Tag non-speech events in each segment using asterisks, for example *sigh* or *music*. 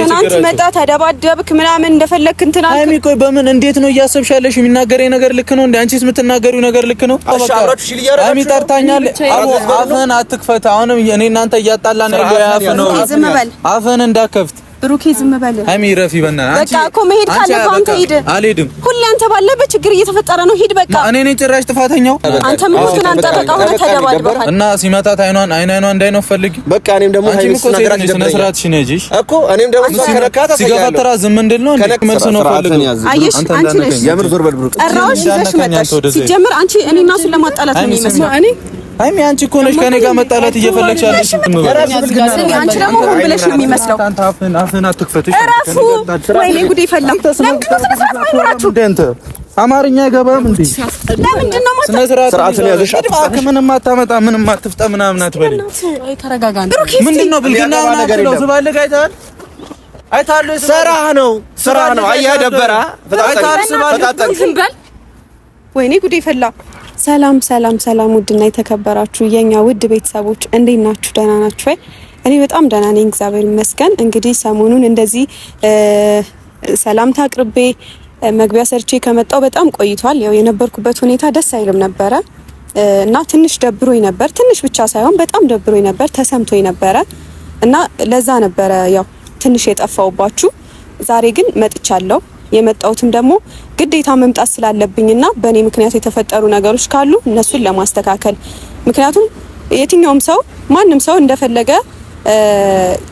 ትናንት መጣ ተደባደብክ ምናምን እንደፈለክ እንትን አልክ። ሃይሚ ቆይ በምን እንዴት ነው እያሰብሽ ያለሽ? የሚናገረኝ ነገር ልክ ነው? እንዴ አንቺስ የምትናገሪው ነገር ልክ ነው? ሃይሚ ጠርታኛል። አፍህን አትክፈት። አሁንም እኔ እናንተ እያጣላን ያለው አፍህ ነው። አፍህን እንዳከፍት ብሩኬ ዝም በል ሃይሚ፣ ረፊ በእናትህ። በቃ እኮ መሄድ ካለ አንተ ሂድ። አልሄድም። ሁሌ አንተ ባለበት ችግር እየተፈጠረ ነው። ሂድ በቃ። እኔ ነኝ ጭራሽ ጥፋተኛው። አንተ ምን ሆነህ አንተ በቃ ሆነ ተደባድበሃል እና ሲመታት አይኗን አይን አይኗን እንዳይነው ፈልግ በቃ። እኔም ደግሞ ሃይሚ ስነግራት ስነ ስርዓት ሽነ እጂ እኮ እኔም ደግሞ ከነካታ ሲገፋተራ ዝም እንድል ነው እንዴ? መልስ ነው ፈልግ። አየሽ አንቺ ነሽ የምር ዞር በል ብሩኬ። ጠራሁሽ ይዘሽ መጣሽ። ሲጀምር አንቺ እኔ እና እሱን ለማጣላት ነው የሚመስለው እኔ አይሚ አንቺ እኮ ነሽ ከኔ ጋር መጣላት እየፈለግሽ ያለሽ። አንቺ ነው አማርኛ አይገባም እንዴ? ለምንድን ነው ስርዓትን ያዘሽ? ምንም አታመጣ፣ ምንም አትፍጣ፣ ምናምን አትበል። ምንድን ብልግና ምናምን ዝባልቅ አይተሃል አይተሃል። ስራ ነው ስራ ነው። አየህ ደበራ ወይኔ ጉዴ ፈላ ሰላም ሰላም ሰላም፣ ውድና የተከበራችሁ የኛ ውድ ቤተሰቦች እንዴት ናችሁ? ደህና ናችሁ ወይ? እኔ በጣም ደህና ነኝ፣ እግዚአብሔር ይመስገን። እንግዲህ ሰሞኑን እንደዚህ ሰላምታ አቅርቤ መግቢያ ሰርቼ ከመጣው በጣም ቆይቷል። ያው የነበርኩበት ሁኔታ ደስ አይልም ነበረ እና ትንሽ ደብሮኝ ነበር። ትንሽ ብቻ ሳይሆን በጣም ደብሮኝ ነበር፣ ተሰምቶኝ ነበረ እና ለዛ ነበረ ያው ትንሽ የጠፋውባችሁ። ዛሬ ግን መጥቻለሁ። የመጣሁትም ደግሞ ግዴታ መምጣት ስላለብኝና በእኔ ምክንያት የተፈጠሩ ነገሮች ካሉ እነሱን ለማስተካከል ምክንያቱም የትኛውም ሰው ማንም ሰው እንደፈለገ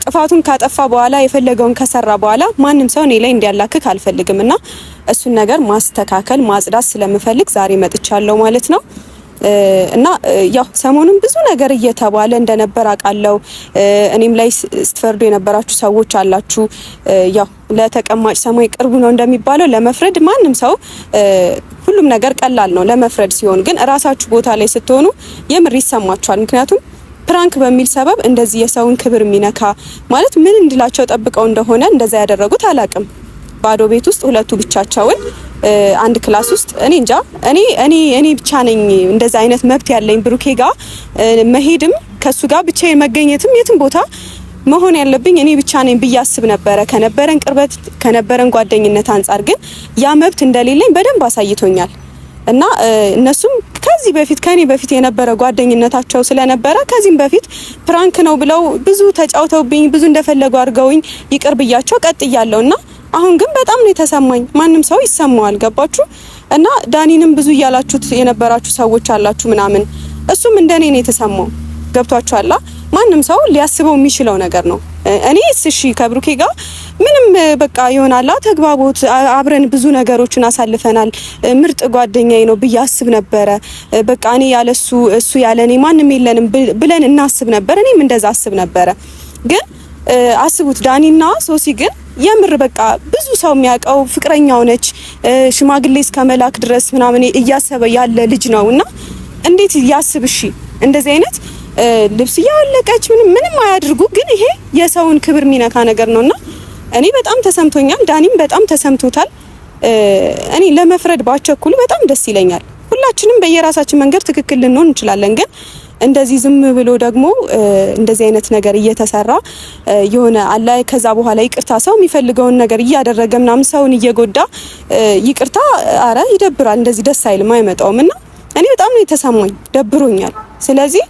ጥፋቱን ካጠፋ በኋላ የፈለገውን ከሰራ በኋላ ማንም ሰው እኔ ላይ እንዲያላክክ አልፈልግም እና እሱን ነገር ማስተካከል ማጽዳት ስለምፈልግ ዛሬ መጥቻለሁ ማለት ነው። እና ያው ሰሞኑን ብዙ ነገር እየተባለ እንደነበር አውቃለሁ። እኔም ላይ ስትፈርዱ የነበራችሁ ሰዎች አላችሁ። ያው ለተቀማጭ ሰማይ ቅርቡ ነው እንደሚባለው ለመፍረድ ማንም ሰው ሁሉም ነገር ቀላል ነው ለመፍረድ ሲሆን፣ ግን እራሳችሁ ቦታ ላይ ስትሆኑ የምር ይሰማችኋል። ምክንያቱም ፕራንክ በሚል ሰበብ እንደዚህ የሰውን ክብር የሚነካ ማለት ምን እንድላቸው ጠብቀው እንደሆነ እንደዛ ያደረጉት አላቅም። ባዶ ቤት ውስጥ ሁለቱ ብቻቸውን አንድ ክላስ ውስጥ እኔ እንጃ እኔ እኔ እኔ ብቻ ነኝ እንደዛ አይነት መብት ያለኝ ብሩኬ ጋር መሄድም ከሱ ጋር ብቻዬን መገኘትም የትም ቦታ መሆን ያለብኝ እኔ ብቻ ነኝ ብዬ አስብ ነበረ። ከነበረን ቅርበት ከነበረን ጓደኝነት አንጻር ግን ያ መብት እንደሌለኝ በደንብ አሳይቶኛል። እና እነሱም ከዚህ በፊት ከኔ በፊት የነበረ ጓደኝነታቸው ስለነበረ ከዚህም በፊት ፕራንክ ነው ብለው ብዙ ተጫውተውብኝ ብዙ እንደፈለጉ አድርገውኝ ይቅር ብያቸው ቀጥ አሁን ግን በጣም ነው የተሰማኝ። ማንም ሰው ይሰማዋል። ገባችሁ? እና ዳኒንም ብዙ እያላችሁት የነበራችሁ ሰዎች አላችሁ ምናምን፣ እሱም እንደኔ ነው የተሰማው። ገብቷችኋላ? ማንም ሰው ሊያስበው የሚችለው ነገር ነው። እኔ እሺ ከብሩኬ ጋር ምንም በቃ ይሆናላ ተግባቦት፣ አብረን ብዙ ነገሮችን አሳልፈናል። ምርጥ ጓደኛዬ ነው ብዬ አስብ ነበረ። በቃ እኔ ያለሱ እሱ ያለ እኔ ማንም የለንም ብለን እናስብ ነበር። እኔም እንደዛ አስብ ነበረ ግን አስቡት ዳኒና ሶሲ ግን የምር በቃ ብዙ ሰው የሚያውቀው ፍቅረኛው ነች፣ ሽማግሌ እስከ መላክ ድረስ ምናምን እያሰበ ያለ ልጅ ነው እና እንዴት ያስብ? እሺ እንደዚህ አይነት ልብስ እያወለቀች ምንም ምንም አያድርጉ፣ ግን ይሄ የሰውን ክብር የሚነካ ነገር ነው እና እኔ በጣም ተሰምቶኛል፣ ዳኒም በጣም ተሰምቶታል። እኔ ለመፍረድ ባቸኩል በጣም ደስ ይለኛል። ሁላችንም በየራሳችን መንገድ ትክክል ልንሆን እንችላለን ግን እንደዚህ ዝም ብሎ ደግሞ እንደዚህ አይነት ነገር እየተሰራ የሆነ አላ ከዛ በኋላ ይቅርታ ሰው የሚፈልገውን ነገር እያደረገ ምናምን ሰውን እየጎዳ ይቅርታ፣ አረ ይደብራል። እንደዚህ ደስ አይልም፣ አይመጣውም። እና እኔ በጣም ነው የተሰማኝ፣ ደብሮኛል። ስለዚህ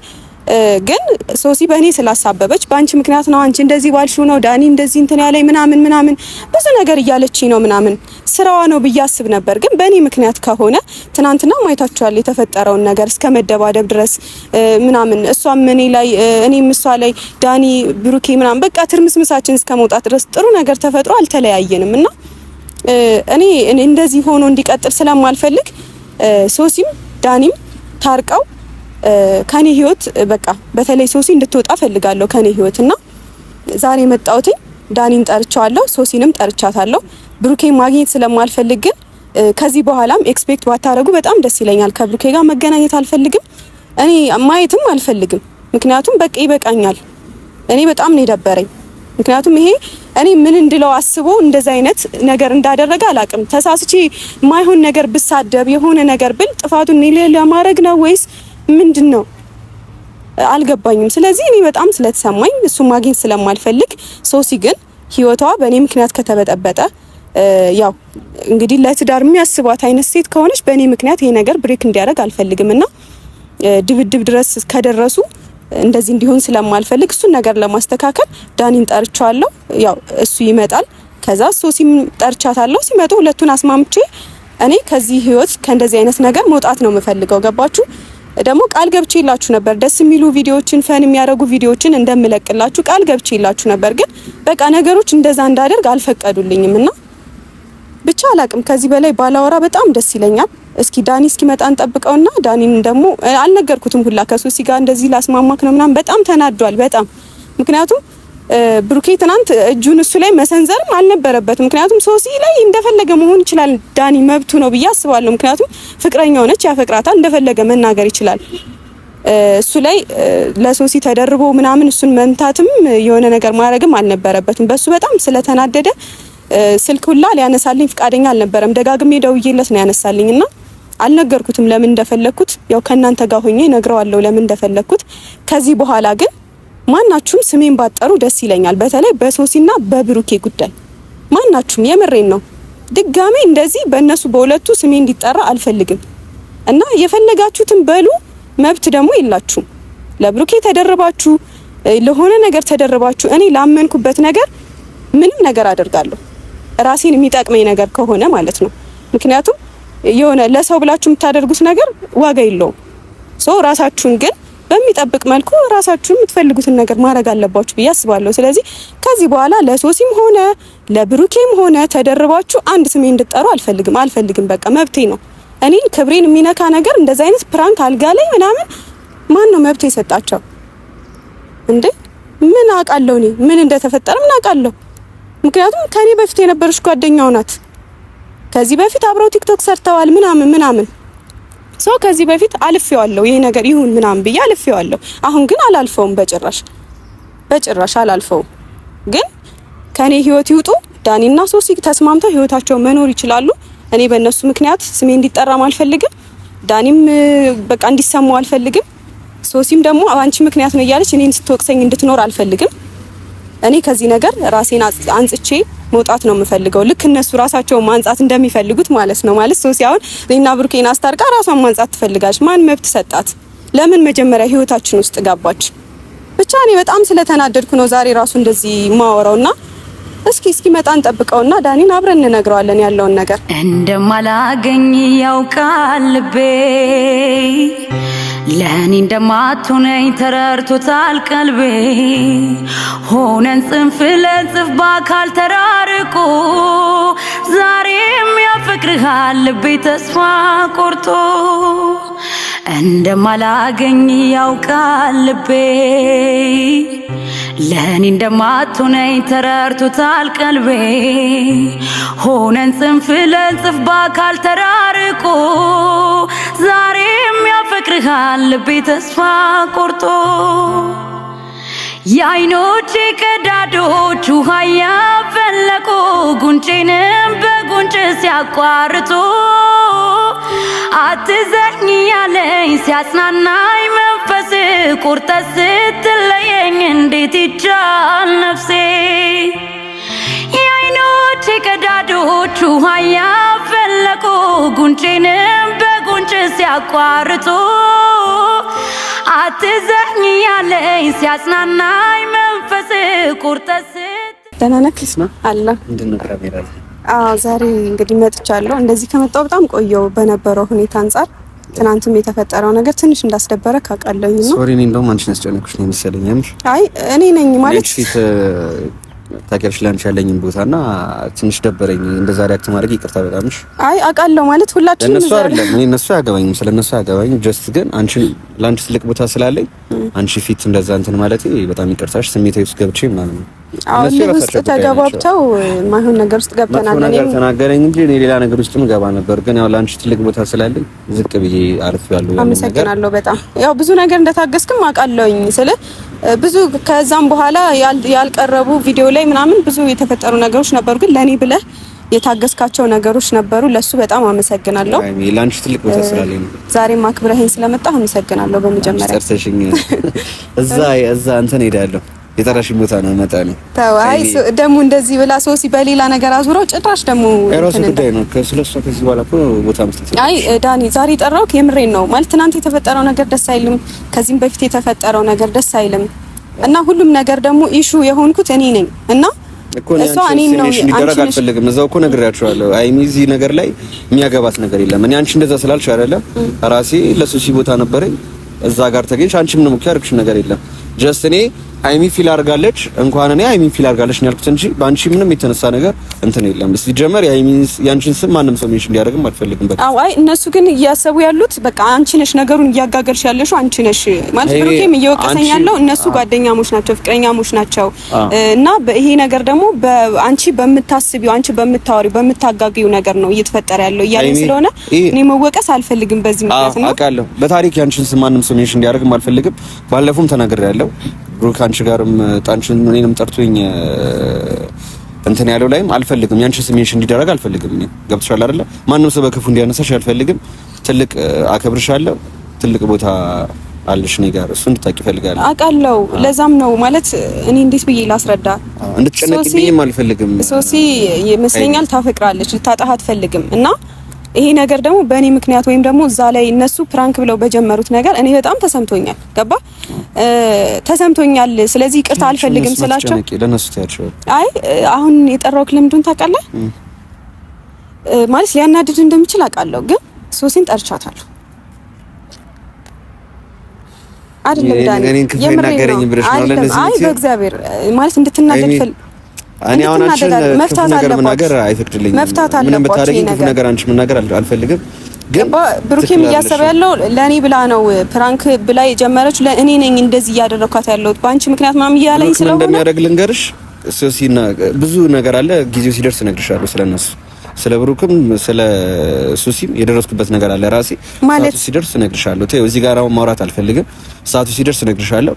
ግን ሶሲ በእኔ ስላሳበበች በአንቺ ምክንያት ነው፣ አንቺ እንደዚህ ባልሹ ነው ዳኒ እንደዚህ እንትን ያለኝ ምናምን ምናምን ብዙ ነገር እያለችኝ ነው ምናምን ስራዋ ነው ብዬ አስብ ነበር። ግን በእኔ ምክንያት ከሆነ ትናንትና ማየታችኋል የተፈጠረውን ነገር እስከ መደባደብ ድረስ ምናምን፣ እሷም እኔ ላይ እኔም እሷ ላይ ዳኒ ብሩኬ ምናምን በቃ ትርምስምሳችን እስከ መውጣት ድረስ ጥሩ ነገር ተፈጥሮ አልተለያየንም እና እኔ እንደዚህ ሆኖ እንዲቀጥል ስለማልፈልግ ሶሲም ዳኒም ታርቀው ከኔ ህይወት በቃ በተለይ ሶሲ እንድትወጣ ፈልጋለሁ ከኔ ህይወት እና ዛሬ መጣውትኝ ዳኒን ጠርቻለሁ፣ ሶሲንም ጠርቻታለሁ። ብሩኬ ማግኘት ስለማልፈልግ ግን ከዚህ በኋላም ኤክስፔክት ባታረጉ በጣም ደስ ይለኛል። ከብሩኬ ጋር መገናኘት አልፈልግም፣ እኔ ማየትም አልፈልግም። ምክንያቱም በቃ ይበቃኛል። እኔ በጣም ነው የደበረኝ። ምክንያቱም ይሄ እኔ ምን እንድለው አስቦ እንደዚ አይነት ነገር እንዳደረገ አላቅም። ተሳስቼ ማይሆን ነገር ብሳደብ የሆነ ነገር ብል ጥፋቱን እኔ ለማድረግ ነው ወይስ ምንድን ነው አልገባኝም። ስለዚህ እኔ በጣም ስለተሰማኝ እሱ ማግኘት ስለማልፈልግ፣ ሶሲ ግን ህይወቷ በእኔ ምክንያት ከተበጠበጠ ያው እንግዲህ ለትዳር የሚያስባት አይነት ሴት ከሆነች በእኔ ምክንያት ይሄ ነገር ብሬክ እንዲያደርግ አልፈልግም እና ድብድብ ድረስ ከደረሱ እንደዚህ እንዲሆን ስለማልፈልግ እሱን ነገር ለማስተካከል ዳኒን ጠርቻለሁ። ያው እሱ ይመጣል። ከዛ ሶሲም ጠርቻታለሁ። ሲመጡ ሁለቱን አስማምቼ እኔ ከዚህ ህይወት ከእንደዚህ አይነት ነገር መውጣት ነው የምፈልገው። ገባችሁ? ደግሞ ቃል ገብቼላችሁ ነበር ደስ የሚሉ ቪዲዮዎችን ፈን የሚያደርጉ ቪዲዮዎችን እንደምለቅላችሁ ቃል ገብቼላችሁ ነበር። ግን በቃ ነገሮች እንደዛ እንዳደርግ አልፈቀዱልኝም እና ብቻ አላቅም። ከዚህ በላይ ባላወራ በጣም ደስ ይለኛል። እስኪ ዳኒ እስኪመጣ እንጠብቀውና ዳኒን ደግሞ አልነገርኩትም ሁላ ከሱ ጋር እንደዚህ ላስማማክ ነው ምናምን በጣም ተናዷል። በጣም ምክንያቱም ብሩኬ ትናንት እጁን እሱ ላይ መሰንዘርም አልነበረበትም። ምክንያቱም ሶሲ ላይ እንደፈለገ መሆን ይችላል፣ ዳኒ መብቱ ነው ብዬ አስባለሁ። ምክንያቱም ፍቅረኛው ነች፣ ያፈቅራታል፣ እንደፈለገ መናገር ይችላል። እሱ ላይ ለሶሲ ተደርቦ ምናምን እሱን መምታትም የሆነ ነገር ማድረግም አልነበረበትም። በሱ በጣም ስለተናደደ ስልክ ሁላ ሊያነሳልኝ ፍቃደኛ አልነበረም። ደጋግሜ ደውዬለት ነው ያነሳልኝ እና አልነገርኩትም ለምን እንደፈለግኩት። ያው ከእናንተ ጋር ሆኜ ነግረዋለሁ ለምን እንደፈለግኩት። ከዚህ በኋላ ግን ማናችሁም ስሜን ባጠሩ ደስ ይለኛል። በተለይ በሶሲና በብሩኬ ጉዳይ ማናችሁም የምሬን ነው። ድጋሜ እንደዚህ በእነሱ በሁለቱ ስሜ እንዲጠራ አልፈልግም እና የፈለጋችሁትን በሉ። መብት ደግሞ የላችሁም። ለብሩኬ ተደርባችሁ ለሆነ ነገር ተደርባችሁ እኔ ላመንኩበት ነገር ምንም ነገር አደርጋለሁ ራሴን የሚጠቅመኝ ነገር ከሆነ ማለት ነው። ምክንያቱም የሆነ ለሰው ብላችሁ የምታደርጉት ነገር ዋጋ የለውም። ሶ ራሳችሁን ግን በሚጠብቅ መልኩ ራሳችሁን የምትፈልጉትን ነገር ማድረግ አለባችሁ ብዬ አስባለሁ። ስለዚህ ከዚህ በኋላ ለሶሲም ሆነ ለብሩኬም ሆነ ተደርባችሁ አንድ ስሜ እንድጠሩ አልፈልግም አልፈልግም። በቃ መብቴ ነው። እኔን ክብሬን የሚነካ ነገር እንደዚህ አይነት ፕራንክ አልጋ ላይ ምናምን ማን ነው መብቴ የሰጣቸው እንዴ? ምን አውቃለሁ እኔ ምን እንደተፈጠረ ምን አውቃለሁ። ምክንያቱም ከኔ በፊት የነበረች ጓደኛው ናት። ከዚህ በፊት አብረው ቲክቶክ ሰርተዋል ምናምን ምናምን ሰው ከዚህ በፊት አልፌዋለሁ፣ ይሄ ነገር ይሁን ምናምን ብዬ አልፌዋለሁ። አሁን ግን አላልፈውም፣ በጭራሽ በጭራሽ አላልፈውም። ግን ከኔ ህይወት ይውጡ። ዳኒና ሶሲ ተስማምተው ህይወታቸው መኖር ይችላሉ። እኔ በእነሱ ምክንያት ስሜ እንዲጠራም አልፈልግም። ዳኒም በቃ እንዲሰማው አልፈልግም። ሶሲም ደግሞ አንቺ ምክንያት ነው እያለች እኔን ስትወቅሰኝ እንድትኖር አልፈልግም። እኔ ከዚህ ነገር ራሴን አንጽቼ መውጣት ነው የምፈልገው። ልክ እነሱ ራሳቸውን ማንጻት እንደሚፈልጉት ማለት ነው። ማለት ሶሲ አሁን እኔና ብሩኬን አስታርቃ ራሷን ማንጻት ትፈልጋለች። ማን መብት ሰጣት? ለምን መጀመሪያ ህይወታችን ውስጥ ገባች? ብቻ እኔ በጣም ስለተናደድኩ ነው ዛሬ ራሱ እንደዚህ ማወራውና እስኪ እስኪ መጣን ጠብቀውና ዳኒን አብረን እንነግረዋለን ያለውን ነገር እንደማላገኝ ያውቃል ልቤ ለእኔ እንደማትሆነኝ ተረርቶታል ቀልቤ ሆነን ጽንፍ ለጽንፍ በአካል ተራርቆ ዛሬም ያፈቅርሃል ልቤ ተስፋ ቆርጦ እንደማላገኝ ያውቃል ልቤ ለእኔ እንደማትሆነኝ ተረርቶታል ቀልቤ ሆነን ጽንፍ ለጽንፍ በአካል ተራርቆ ዛሬም ያፈቅርሃል ልቤ ተስፋ ቆርጦ የአይኖቼ ቀዳዶች ውሃ ያፈለቁ ጉንጬንም በጉንጭ ሲያቋርጡ አትዘኝ ያለኝ ሲያጽናናኝ ሳትናፈስ ቁርጠ ስትለየኝ እንዴት ይቻል ነፍሴ የአይኖቼ ቀዳዳዎች ውሃ ያፈለቁ ጉንጬንም በጉንጭ ሲያቋርጡ አትዘኝ ያለኝ ሲያጽናናኝ መንፈስ ቁርጠ ደህና ነህ? አለ ዛሬ እንግዲህ መጥቻለሁ። እንደዚህ ከመጣሁ በጣም ቆየው በነበረው ሁኔታ አንጻር ትናንትም የተፈጠረው ነገር ትንሽ እንዳስደበረ ካቃለኝ ነው። ሶሪ፣ እኔ እንደውም አንቺን ያስጨነኩሽ ነው የመሰለኝ። አይ እኔ ነኝ ማለት ፊት ታውቂያለሽ፣ ለአንቺ ያለኝን ቦታና ትንሽ ደበረኝ። እንደዛ ሪያክት ማድረግ ይቅርታ በጣም እሺ። አይ አውቃለሁ ማለት ሁላችንም እነሱ አይደለም እኔ እነሱ አያገባኝም፣ ስለነሱ አያገባኝም። ጀስት ግን አንቺ ለአንቺ ትልቅ ቦታ ስላለኝ አንቺ ፊት እንደዛ እንትን ማለቴ በጣም ይቅርታሽ፣ ስሜታዊ ውስጥ ገብቼ ምናምን ነው እልህ ውስጥ ተገባብተው ማይሆን ነገር ውስጥ ገብተናል። ነገር ተናገረኝ እንጂ እኔ ሌላ ነገር ውስጥም ገባ ነበር፣ ግን ያው ለአንቺ ትልቅ ቦታ ስላለኝ ዝቅ ብዬ አርፍ ያለው። አመሰግናለሁ በጣም ያው ብዙ ነገር እንደታገስክም አውቃለሁኝ። ስለ ብዙ ከዛም በኋላ ያልቀረቡ ቪዲዮ ላይ ምናምን ብዙ የተፈጠሩ ነገሮች ነበሩ፣ ግን ለኔ ብለህ የታገስካቸው ነገሮች ነበሩ። ለሱ በጣም አመሰግናለሁ። ለአንቺ ትልቅ ቦታ ስላለኝ ዛሬ ማክብረህኝ ስለመጣ አመሰግናለሁ። በመጀመሪያ ሰርተሽኝ *laughs* እዛ እዛ እንትን ሄዳለሁ የጠራሽ ቦታ ነው መጣ ነው። ተው። ደሙ እንደዚህ ብላ ሶሲ በሌላ ነገር አዙረው ጭራሽ ደሙ እራሱ ጉዳይ ነው። ስለሷ ከዚህ በኋላ እኮ ቦታ መስጠት። አይ ዳኒ ዛሬ ጠራውክ የምሬን ነው። ማለት ትናንት የተፈጠረው ነገር ደስ አይልም፣ ከዚህም በፊት የተፈጠረው ነገር ደስ አይልም እና ሁሉም ነገር ደግሞ ኢሹ የሆንኩት እኔ ነኝ እና እሷ ነው ነገር ላይ የሚያገባት ነገር የለም። እኔ አንቺ እንደዛ ስላልሽ አይደለም ራሴ ለሶሲ ቦታ ነበረኝ እዛ ጋር ተገኝሽ አንቺ ምንም እኮ ያደረግሽ ነገር የለም ጀስት እኔ አይሚ ፊል አድርጋለች። እንኳን እኔ አይሚ ፊል አድርጋለች ነው ያልኩት እንጂ በአንቺ ምንም የተነሳ ነገር እንትን የለም። ሲጀመር ያንቺን ስም ማንም ሰው ሜንሽን እንዲያደርግም አልፈልግም። በቃ አይ እነሱ ግን እያሰቡ ያሉት በቃ አንቺ ነሽ ነገሩን እያጋገልሽ ያለሽው አንቺ ነሽ ማለት ብሩኬም እየወቀሰኝ ያለው እነሱ ጓደኛሞች ናቸው፣ ፍቅረኛሞች ናቸው እና ይሄ ነገር ደግሞ በአንቺ በምታስቢው አንቺ በምታወሪው በምታጋጊው ነገር ነው እየተፈጠረ ያለው እያለኝ ስለሆነ እኔ መወቀስ አልፈልግም። በዚህ ምክንያት ነው አውቃለሁ። በታሪክ ያንቺን ስም ማንም ሰው ሜንሽን እንዲያደርግም አልፈልግም። ባለፈውም ተናግሬያለሁ ብሩክ አንቺ ጋርም ጣንችን እኔንም ጠርቶኝ እንትን ያለው ላይም አልፈልግም። ያንቺ ስሜንሽ እንዲደረግ አልፈልግም። እኔ ገብቶሻል አይደለ? ማንም ሰው በክፉ እንዲያነሳሽ አልፈልግም። ትልቅ አከብርሻለሁ። ትልቅ ቦታ አለሽ እኔ ጋር እሱ እንድታቂ እፈልጋለሁ። አውቃለሁ። ለዛም ነው ማለት እኔ እንዴት ብዬ ላስረዳ፣ እንድትጨነቅብኝም አልፈልግም። ሶሲ ይመስለኛል ታፈቅራለች፣ ልታጣህ አትፈልግም እና ይሄ ነገር ደግሞ በእኔ ምክንያት ወይም ደግሞ እዛ ላይ እነሱ ፕራንክ ብለው በጀመሩት ነገር እኔ በጣም ተሰምቶኛል። ገባ ተሰምቶኛል። ስለዚህ ይቅርታ አልፈልግም ስላቸው አይ አሁን የጠራው ክለምዱን ታውቃለህ ማለት ሊያናድድ እንደሚችል አውቃለሁ፣ ግን ሶሲን ጠርቻታለሁ አይደለም ዳኒ የምሬን ነው። አይ በእግዚአብሔር ማለት እንድትናደድ እኔ አሁን አንቺን ክፉ ነገር መናገር አይፈቅድልኝም። መፍታት አለባችሁ። ምንም ብታረጊ ክፉ ነገር አንቺ መናገር አልፈልግም። ብሩኬም እያሰበ ያለው ለእኔ ብላ ነው ፕራንክ ብላ የጀመረች ለእኔ ነኝ እንደዚህ እያደረኳት ያለሁት በአንቺ ምክንያት ምናምን እያለኝ ስለሆነ እንደሚያደርግ ልንገርሽ። ሶሲና ብዙ ነገር አለ። ጊዜው ሲደርስ እነግርሻለሁ ስለነሱ ስለ ብሩክም ስለ ሱሲም የደረስኩበት ነገር አለ። ራሴ ሰዓቱ ሲደርስ እነግርሻለሁ። እዚህ ጋር አሁን ማውራት አልፈልግም። ሰዓቱ ሲደርስ እነግርሻለሁ።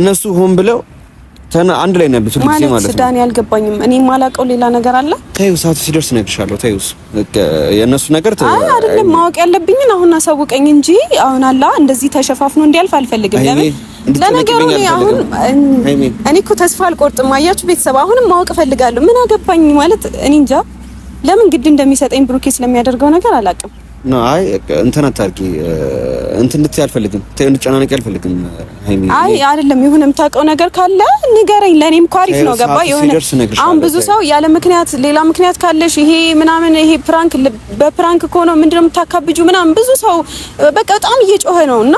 እነሱ ሆን ብለው አንድ ላይ ነብሱ ልጅ ማለት ነው። ዳኒ አልገባኝም። እኔ የማላውቀው ሌላ ነገር አለ። ተይው ሰዓቱ ሲደርስ እነግርሻለሁ። ተይው የእነሱ ነገር አይ አይደለም ማወቅ ያለብኝን አሁን አሳውቀኝ እንጂ አሁን አላ እንደዚህ ተሸፋፍኖ እንዲያልፍ አልፈልግም። ለምን ለነገሩ አሁን እኔ እኮ ተስፋ አልቆርጥም። አያችሁ ቤተሰብ፣ አሁንም ማወቅ እፈልጋለሁ። ምን አገባኝ ማለት እኔ እንጃ ለምን ግድ እንደሚሰጠኝ ብሩኬ ስለሚያደርገው ነገር አላውቅም። አይ እንትን አታርጊ እንትን ልትይ አልፈልግም፣ እንድጨናነቂ አልፈልግም። አይ አይደለም፣ የሆነ የምታውቀው ነገር ካለ ንገረኝ። ለእኔም እኮ አሪፍ ነው። ገባ የሆነ አሁን ብዙ ሰው ያለ ምክንያት ሌላ ምክንያት ካለሽ ይሄ ምናምን ይሄ ፕራንክ በፕራንክ ከሆነ ምንድን ነው የምታካብጁ ምናምን ብዙ ሰው በቃ በጣም እየጮኸ ነው እና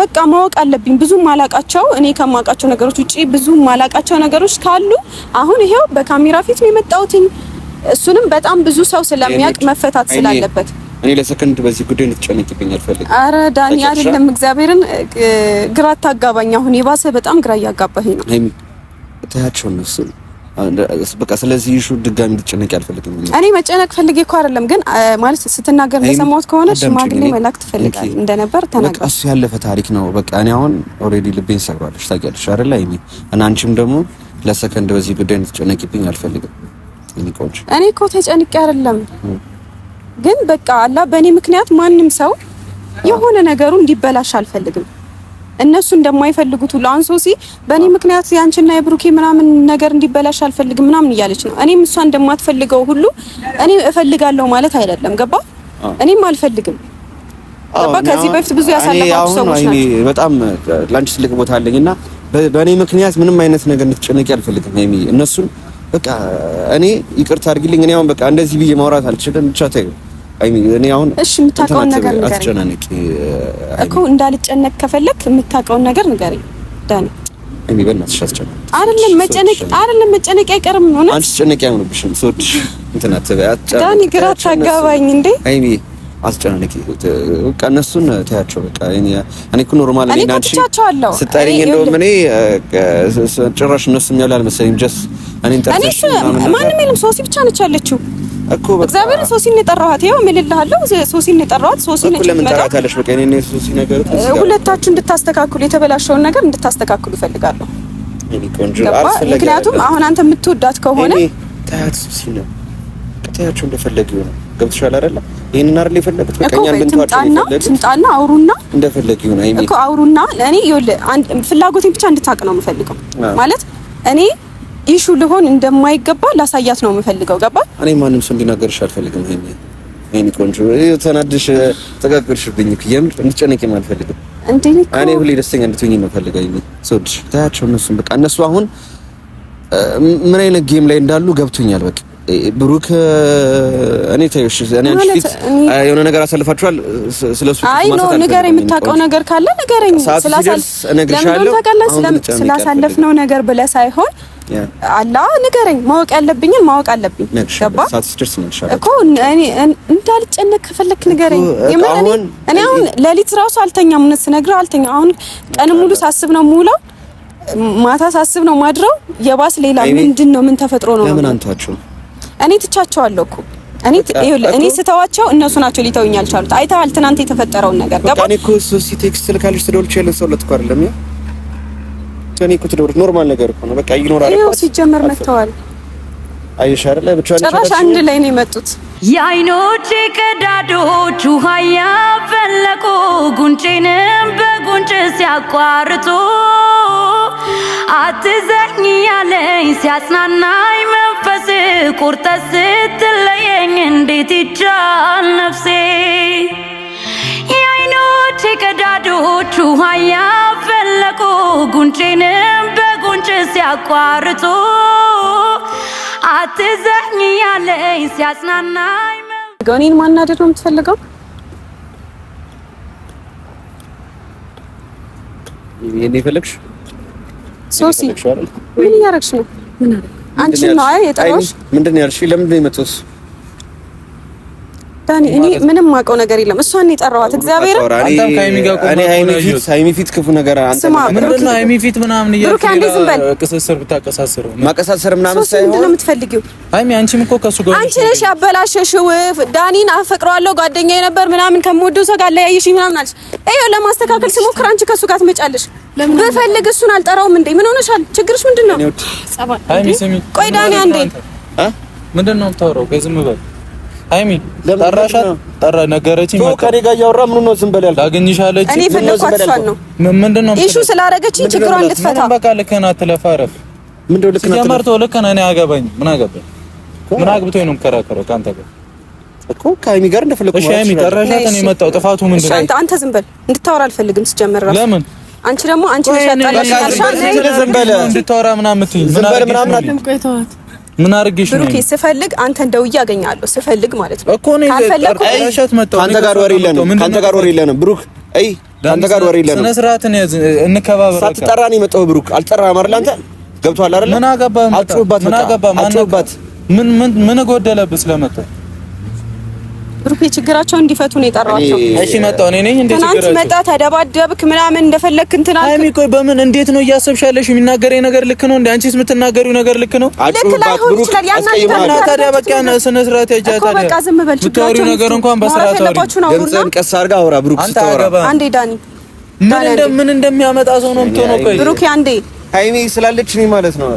በቃ ማወቅ አለብኝ። ብዙ ማላቃቸው እኔ ከማውቃቸው ነገሮች ውጪ ብዙ ማላቃቸው ነገሮች ካሉ አሁን ይሄው በካሜራ ፊት ነው የመጣሁትኝ እሱንም በጣም ብዙ ሰው ስለሚያውቅ መፈታት ስላለበት እኔ ለሰከንድ በዚህ ጉዳይ እንድትጨነቂብኝ አልፈልግም። አረ ዳኒ አይደለም፣ እግዚአብሔርን ግራ አታጋባኝ። አሁን የባሰ በጣም ግራ እያጋባኸኝ ነው። አይም ታያቸው እነሱ በቃ ስለዚህ ይሹ ድጋሚ እንድትጨነቂ አልፈልግም። እኔ መጨነቅ ፈልጌ እኮ አይደለም፣ ግን ማለት ስትናገር እንደሰማሁት ከሆነ ሽማግሌ መላክ ትፈልጋለህ እንደነበር ተናገር። እሱ ያለፈ ታሪክ ነው። በቃ እኔ አሁን ኦልሬዲ ልቤን ሰብራለች ታውቂያለሽ አይደል? አይሚ እና አንቺም ደግሞ ለሰከንድ በዚህ ጉዳይ እንድትጨነቂብኝ አልፈልግም። እኔ እኮ ተጨንቄ አይደለም፣ ግን በቃ አላ በእኔ ምክንያት ማንም ሰው የሆነ ነገሩ እንዲበላሽ አልፈልግም። እነሱ እንደማይፈልጉት ሁሉ አሁን ሶሲ በእኔ ምክንያት ያንቺና የብሩኬ ምናምን ነገር እንዲበላሽ አልፈልግም ምናምን እያለች ነው። እኔም እሷ እንደማትፈልገው ሁሉ እኔ እፈልጋለሁ ማለት አይደለም። ገባ? እኔም አልፈልግም። ገባ? ከዚህ በፊት ብዙ ያሳለፋችሁ ሰዎች ናቸው። በጣም ላንቺ ትልቅ ቦታ አለኝና በእኔ ምክንያት ምንም አይነት ነገር እንድትጨነቂ አልፈልግም። እነሱን በቃ እኔ ይቅርታ አድርጊልኝ። እኔ አሁን በቃ እንደዚህ ብዬ ማውራት አልችልም። ብቻ ተይው። እኔ አሁን እሺ፣ የምታውቀውን ነገር ንገረኝ። አትጨናነቂ እኮ እንዳልጨነቅ ከፈለክ የምታውቀውን ነገር ንገረኝ ዳኒ። እኔ በእናትሽ አትጨናነቂ። አይደለም መጨነቅ አይደለም መጨነቅ አይቀርም ነው አንቺ ጨነቂ አይሆንብሽም። ሶድ እንትና ተበያ ዳኒ፣ ግራ ታጋባኝ እንዴ አይሚ አስጨናቂ በቃ እነሱን ተያቸው። በቃ እኔ እኔ እኮ ኖርማል ነኝ። አንቺ ስጠሪኝ እንደውም እኔ ጭራሽ እነሱ የሚያውላ አልመሰለኝም። ጀስ እኔን ጠርተሽ ማንም የለም። ሶሲ ብቻ ነች ያለችው እኮ በቃ እግዚአብሔርን ሶሲን የጠራኋት ይኸው እምልልሃለሁ። ሶሲን የጠራኋት ሶሲ ነች። ለምን ጠራታለሽ? በቃ እኔ እኔ ሶሲ ነገር ሁለታችሁ እንድታስተካክሉ የተበላሸውን ነገር እንድታስተካክሉ እፈልጋለሁ። ምክንያቱም አሁን አንተ የምትወዳት ከሆነ እኔ ታያት ሶሲ ነው። ታያቸው እንደፈለገው ነው። ገብቶሻል አይደለ? ይሄን አይደል የፈለግኩት። በቃ እኛን ብንተዋቸው የፈለግኩት ትምጣና አውሩና እንደፈለግ ይሁን። አይሚ እኮ አውሩና እኔ ይኸውልህ ፍላጎቴን ብቻ እንድታውቅ ነው የምፈልገው። ማለት እኔ ኢሹ ልሆን እንደማይገባ ላሳያት ነው የምፈልገው። ገባ? እኔ ማንም ሰው እንዲናገርሽ አልፈልግም። ይሄን ይሄን ቆንጆ ተናድሽ ተጋግርሽብኝ የምር እንድጨነቂም አልፈልግም። እኔ ሁሌ ደስተኛ እንድትሆኝ ነው አይሚ ሰዎች ታያቸው። እነሱም በቃ እነሱ አሁን ምን አይነት ጌም ላይ እንዳሉ ገብቶኛል። በቃ ብሩክ እኔ ታዩሽ እኔ አንቺ ፊት የሆነ ነገር አሳልፋችኋል። ስለሱ አይ ነው ነገር የምታውቀው ነገር ካለ ንገረኝ። ነው ነገር ብለህ ሳይሆን አላ ንገረኝ። ማወቅ ያለብኝን ማወቅ አለብኝ። ገባ እኮ እኔ እንዳልጨነቅ ከፈለክ ንገረኝ። እኔ አሁን ሌሊት ራሱ አልተኛም፣ እውነት ስነግርህ አልተኛም። አሁን ቀን ሙሉ ሳስብ ነው የምውለው ማታ ሳስብ ነው ማድረው። የባስ ሌላ ምንድን ነው? ምን ተፈጥሮ ነው? ለምን አንቷችሁ እኔ ትቻቸዋለሁ እኮ እኔ ስተዋቸው እነሱ ናቸው ሊተውኝ ያልቻሉት። አይተሃል ትናንት የተፈጠረውን ነገር ገባ። እኔ እኮ ኖርማል ነገር እኮ ነው። በቃ ይኖራል እኮ ሲጀመር መተዋል። አየሽ ብቻ ጭራሽ አንድ ላይ ነው የመጡት። የአይኖቼ ቀዳዳዎች ውሃ ያፈለቁ ጉንጭንም በጉንጭ ሲያቋርጡ አትዘኝ ያለኝ ሲያጽናናኝ መንፈስ ቁርጠ ስትለየኝ እንዴት ይቻል ነፍሴ የአይኖቼ ቀዳዳዎች ውሃ ፈለቁ ጉንጬንም በጉንጭ ሲያቋርጡ አትዘኝ እያለኝ ሲያጽናናኝ እኔን ማናደድ ነው የምትፈልገው? ሶሲ ምን እያደረግሽ ነው? አንቺ ነው አይደል ምንድን ነው ያልሽኝ? ለምንድን ነው የመጣሁት? ዳኒ እኔ ምንም ማውቀው ነገር የለም። እሷን ነው የጠራኋት። እግዚአብሔር እኔ ሃይሚ ፊት ክፉ ነገር አንተ ምንድነው ሃይሚ ፊት ምናምን ብሩክ አንዴ ዝም በል። ቅስስር ብታቀሳስረው ማቀሳሰር ምናምን ሳይሆን ነው የምትፈልጊው? ሃይሚ አንቺም እኮ ከሱ ጋር አንቺ ነሽ ያበላሸሽው። ዳኒን አፈቅረዋለሁ ጓደኛዬ ነበር ምናምን ከምወደው ሰው ጋር ለያየሽኝ ምናምን አለሽ። ይኸው ለማስተካከል ስሞክር አንቺ ከሱ ጋር ትመጫለሽ። ብፈልግ እሱን አልጠራውም እንዴ? ምን ሆነሻል? ችግርሽ ምንድነው? ቆይ ዳኒ አንዴ ምንድነው የምታወራው? ቆይ ዝም በል ሃይሚ ጠራሻት? ጠራ ነገረች። ምን ነው ዝም በል ያልኩት ላገኝሽ አለች። እኔ ፈለኳት እሷን ነው። ምንድን ነው ኢሹ ስላደረገችኝ ችግሯን እንድትፈታ በቃ ልክ ነህ። አትለፋ እረፍ። ምንድነው ልክ ነህ? ሲጀመር ተው ልክ ነህ። እኔ አያገባኝም። ምን አገባኝ? ምን አግብቶኝ ነው የምከራከረው ከአንተ ጋር እኮ ከሃይሚ ጋር እንደፈለኩ ነው። እሺ ሃይሚ ጠራሻት። እኔ መጣሁ። ጥፋቱ ምንድን ነው? አንተ ዝም በል እንድታወራ አልፈልግም። ሲጀመር እራሱ ለምን አንቺ ደግሞ አንቺ ነሽ ያጣለሽ። ዝም በል እንድታወራ ምናምን የምትይኝ ዝም በል ምናምን አትልም። ቆይ ተዋት ምን አርግሽ ነው? ብሩኬ ስፈልግ አንተ ደውዬ አገኛለሁ። ስፈልግ ማለት ነው እኮ ነው። አንተ ጋር ወሬ የለንም። ከአንተ ጋር ወሬ የለንም። ብሩክ አይ ከአንተ ጋር ወሬ የለንም። ስነ ስርዓትን ያዝ። እንከባበር። ሳትጠራ ነው የመጣሁት። ብሩክ አልጠራህም አይደል? አንተ ገብቶሃል አይደል? ምን አገባህ? አልጮህባት። ምን አገባህ? ምን ምን ጎደለብህ ስለመጣህ ብሩኬ ችግራቸው እንዲፈቱ ነው የጠራቸው። እሺ መጣሁ እኔ ነኝ። እንዴት ትናንት መጣ ተደባደብክ ምናምን እንደፈለግክ እንትና አይሚ፣ ቆይ በምን እንዴት ነው እያሰብሽ ያለሽ? የሚናገረኝ ነገር ልክ ነው እንዴ? አንቺስ የምትናገሪው ነገር ልክ ነው? ልክ ላይሆን ይችላል። ያናና ታዲያ በቃ ነው ስነ ስርዓት ያጃታ ነው። በቃ ዝም በል። ችግራቸው ነገር እንኳን በስርዓት አውሪ። ድምፅህን ቀስ አድርጋ አውራ ብሩክ። ስታወራ አንዴ ዳኒ ምን እንደምን እንደሚያመጣ ሰው ነው የምትሆነው። ቆይ ብሩክ አንዴ አይሚ ስላለች እኔ ማለት ነው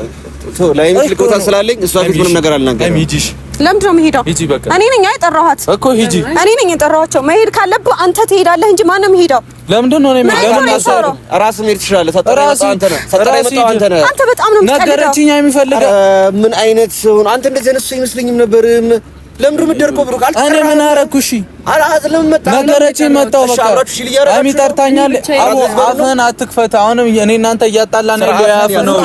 ላይም ልቆታ ስላለኝ እሷ ፊት ምንም ነገር አልናገርም። ለምንድን ነው የምሄደው? እኔ ነኝ የጠራኋት እኮ ሂጂ። እኔ ነኝ የጠራኋቸው። መሄድ ካለብህ አንተ ትሄዳለህ እንጂ ማን ነው የሚሄደው? ለምንድን ነው እኔ ለምን አሰሩ? ራስ ምን ይችላል? አንተ ነህ፣ ነህ። አንተ አንተ በጣም ነው የሚፈልገው ምን አይነት አንተ እንደዚህ አይነት ሰው አይመስለኝም ነበርም ለምዱ ምደርቆ ብሩክ አልተራ እኔ ምን አረኩሽ? ለምን መጣ? መከረች መጣው በቃ አሚ ጠርታኛል። አፍህን አትክፈት። አሁንም እኔ እናንተ እያጣላ ነው ያለው። አፍ ነው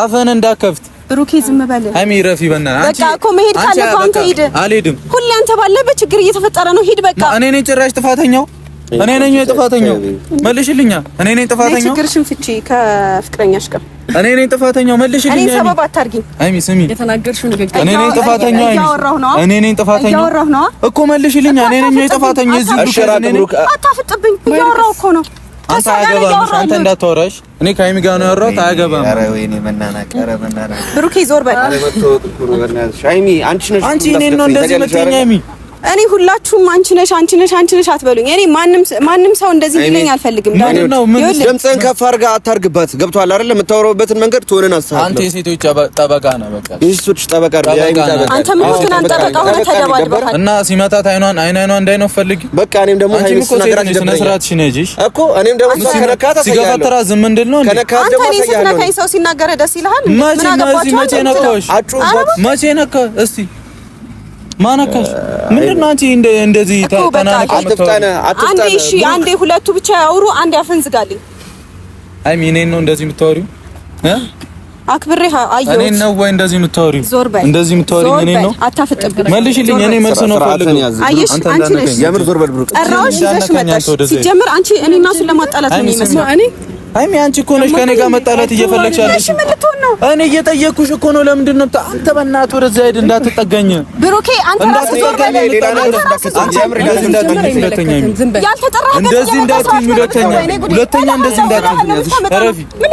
አፍህን እንዳከፍት ብሩኬ ዝም በል። አሚ ረፊ በእናትህ በቃ እኮ መሄድ ካለብህ አንተ ሂድ። አልሄድም። ሁሌ አንተ ባለበት ችግር እየተፈጠረ ነው። ሂድ በቃ። እኔ ነኝ ጭራሽ ጥፋተኛው። እኔ ነኝ ጥፋተኛው። መልሽልኛ። እኔ ነኝ ጥፋተኛው። ችግርሽን ፍቺ ከፍቅረኛሽ ጋር እኔ ነኝ ጥፋተኛው። መልሽልኝ። እኔ ሰበብ አታርጊኝ። አይሚ ስሚ፣ የተናገርሽው ንግግር እኔ ነኝ ጥፋተኛው። አይሚ እኔ ነኝ ጥፋተኛው እኮ መልሽልኝ። እኔ ነኝ ጥፋተኛው። እዚህ አታፍጥብኝ። እያወራሁ እኮ ነው። አንተ አያገባም። አንተ እንዳታወራሽ። እኔ ከአይሚ ጋር ነው ያወራሁት። አያገባም። ኧረ ወይኔ መናናቅ፣ ኧረ መናናቅ። ብሩኬ ዞር በል። አንቺ ነሽ አንቺ እኔን ነው እንደዚህ መጥኛ አይሚ እኔ ሁላችሁም አንቺ ነሽ አንቺ ነሽ አንቺ ነሽ አትበሉኝ። እኔ ማንም ማንም ሰው እንደዚህ ይለኝ አልፈልግም። ድምፅህን ከፍ አድርገህ አታርግባት። ገብቶሃል አይደል? የምታወራበትን መንገድ ትሆነን አሳብ አንተ የሴቶች ጠበቃ ነህ። በቃ የሴቶች ጠበቃ አንተ ምን ሆነህ ጠበቃ ሆነህ ተደባድበሃል እና ሲመታት አይኗን አይን አይኗን እንዳይነው ፈልግ። በቃ እኔም ደግሞ ታይስ ነገር ስነ ስርዓት ሽነጂሽ እኮ እኔም ደግሞ ከነካታ ሲገፋተራ ዝም እንድል ነው እንዴ? አንተ እኔ ስትነካኝ ሰው ሲናገር ደስ ይልሃል? ምን አገባችሁ? መቼ ነካሽ? መቼ ነካ እስቲ ማናካሽ ምንድን ነው? አንቺ እንደዚህ ተናነቀ አትፍጠነ አትፍጠነ። እሺ አንዴ ሁለቱ ብቻ ያውሩ፣ አንዴ አፈንዝጋልኝ። አይ ሚኔ ነው እንደዚህ የምታወሪው እ አክብሬ አየሁት። እኔ ነው ወይ እንደዚህ የምታወሪው? እንደዚህ የምታወሪው እኔ ነው? አታፈጥብኝ። መልሽልኝ። እኔ መልስ ነው ፈልገው። አየሽ፣ አንቺ ነሽ የምር ዞር በል ብሩክ። ጠራሁሽ፣ ይዘሽ መጣሽ። ሲጀምር አንቺ እኔ እና እሱን ለማጣላት ነው የሚመስለው እኔ ሀይሚ አንቺ እኮ ነሽ ከኔ ጋር መጣላት እየፈለግሽ ያለሽ። እኔ እየጠየኩሽ እኮ ነው። ለምንድን ነው አንተ በእናትህ ወደዚያ ሂድ፣ እንዳትጠገኝ። ብሩኬ። አንተ ራስህ ዞር በል። ሁለተኛ እንደዚህ እንዳትይኝ፣ ሁለተኛ እንደዚህ እንዳትይኝ።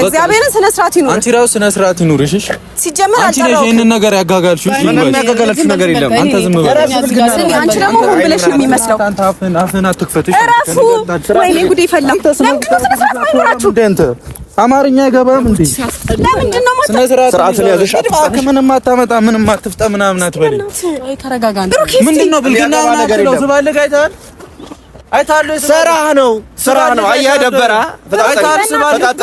እግዚአብሔርን ስነ ስርዓት ይኑር። አንቺ ራሱ ስነ ስርዓት ይኑር። እሺ ሲጀመር አንቺ ነሽ ይሄንን ነገር ያጋጋልሽ። እሺ ምንም ያጋጋልሽ ነገር የለም። አንተ ዝም በል። አንቺ ደግሞ ሆን ብለሽ ነው የሚመስለው። አፍህን አፍህን አትክፈት። እሺ እራሱ ወይኔ ጉዴ ፈላ። ለምን ስነ ስርዓት ማይኖራችሁ? አማርኛ አይገባም እንዴ? ለምንድን ነው ስነ ስርዓትን ያዘሽ? አጥፋክ ምንም አታመጣ፣ ምንም አትፍጠ ምናምን አትበል። አይ ተረጋጋ። ምንድን ብልግና ነገር ነው ዝባልግ አይተሃል አይተሃል። ስራህ ነው ስራህ ነው። አየህ ደበራ ፈጣጣ ፈጣጣ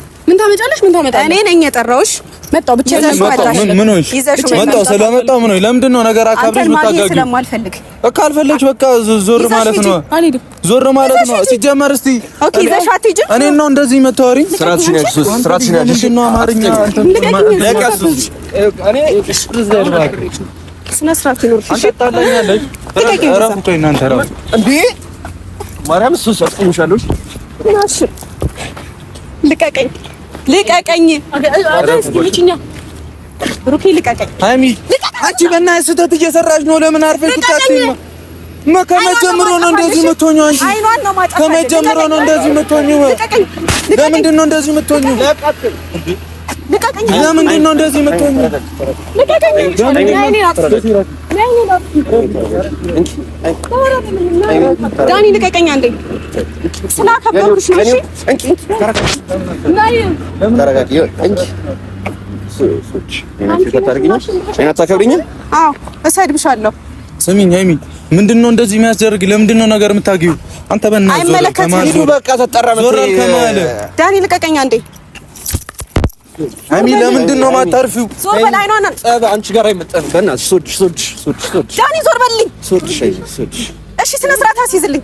ምን ታመጫለሽ? ምን ታመጣለሽ? እኔ ነኝ የጠራሁሽ። መጣሁ ብቻ ይዘሽ መጣሽ። ምን ሆይሽ? መጣሁ ስለመጣሁ ምን ሆይ? ለምንድን ነው ነገር አካብሪሽ መጣጋግ ስለማልፈልግ በቃ አልፈለግሽ። በቃ ዞር ማለት ነው፣ ዞር ማለት ነው። ሲጀመር እስቲ ኦኬ፣ ይዘሽ አትሄጂ። እኔ ነው እንደዚህ መታወሪ ስራት ሲነሽ ስራት ሲነሽ ነው አማርኛ ለቀሱ እኔ ስነ ስርዓት ይኖርሽ። አንተ ታላኛለሽ። እረፍ እኮ እናንተ እረፍ እንዴ! ማርያም ሱስ አስቆምሻለሁ። ናሽ ልቀቀኝ፣ ልቀቀኝ ሩኬ ልቀቀኝ። ሀይሚ አንቺ በእናትሽ ስህተት እየሰራሽ ነው። ለምን አርፈሽ ትታጥኝ? ከመጀመሩ ነው እንደዚህ የምትሆኚው አንቺ። ከመጀመሩ ነው እንደዚህ የምትሆኚው። ለምንድን ነው እንደዚህ የምትሆኚው? ለምንድን ነው እንደዚህ የምትሆኚው? ዳኒ ልቀቀኝ አንዴ ስላከበርኩሽ ነው። ስሚኝ ሀይሚ፣ ምንድን ነው እንደዚህ የሚያስደርግ? ለምንድን ነው ነገር የምታገቢው? አንተ በእናትህ ዳኒ፣ ልቀቀኝ አንዴ። ሀይሚ፣ ለምንድን ነው የማታርፊው? አንቺ ጋር አይመጣም። ዳኒ ዞር በልኝ። እሺ ስነ ስርዓት አስይዝልኝ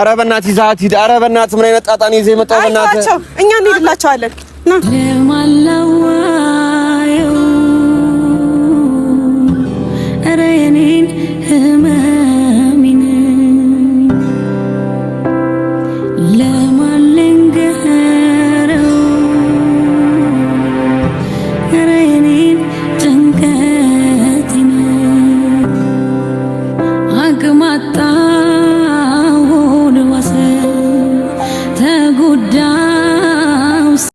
አረበናት በእናትህ ይዘሀት ሂድ። በእናትህ ምን አይነት ጣጣን ይዘህ የመጣው? በእናትህ እኛ እንሄድላቸዋለን። ለማላዋየው የኔን ህመም